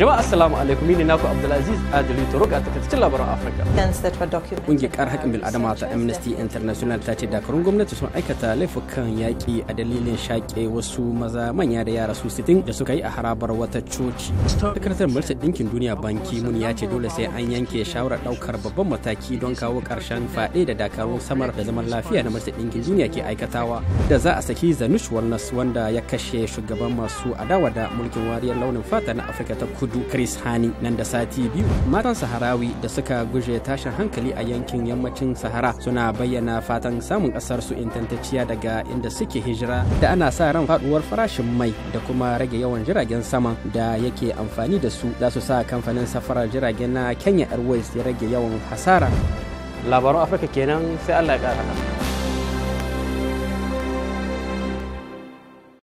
jama'a assalamu alaikum ne naku abdulaziz adili turuk a takaitaccen labaran afirka kungiyar kar haƙƙin bil'adama ta amnesty international ta ce dakarun gwamnati sun aikata laifukan yaƙi a dalilin shaƙe wasu maza manya da yara su sitin da suka yi a harabar wata coci sakataren majalisar ɗinkin duniya banki mun ya ce dole sai an yanke shawarar ɗaukar babban mataki don kawo ƙarshen faɗe da dakarun samar da zaman lafiya na majalisar ɗinkin duniya ke aikatawa da za a saki zanush warnas wanda ya kashe shugaban masu adawa da mulkin wariyar launin fata na afirka ta kudu kudu chris hani nan da sati biyu matan saharawi da suka guje tashin hankali a yankin yammacin sahara suna bayyana fatan samun kasar su intantacciya daga inda suke hijira da ana sa ran faduwar farashin mai da kuma rage yawan jiragen sama da yake amfani da su za su sa kamfanin safarar jiragen na kenya airways ya rage yawan hasara labaran afirka kenan sai allah ya kara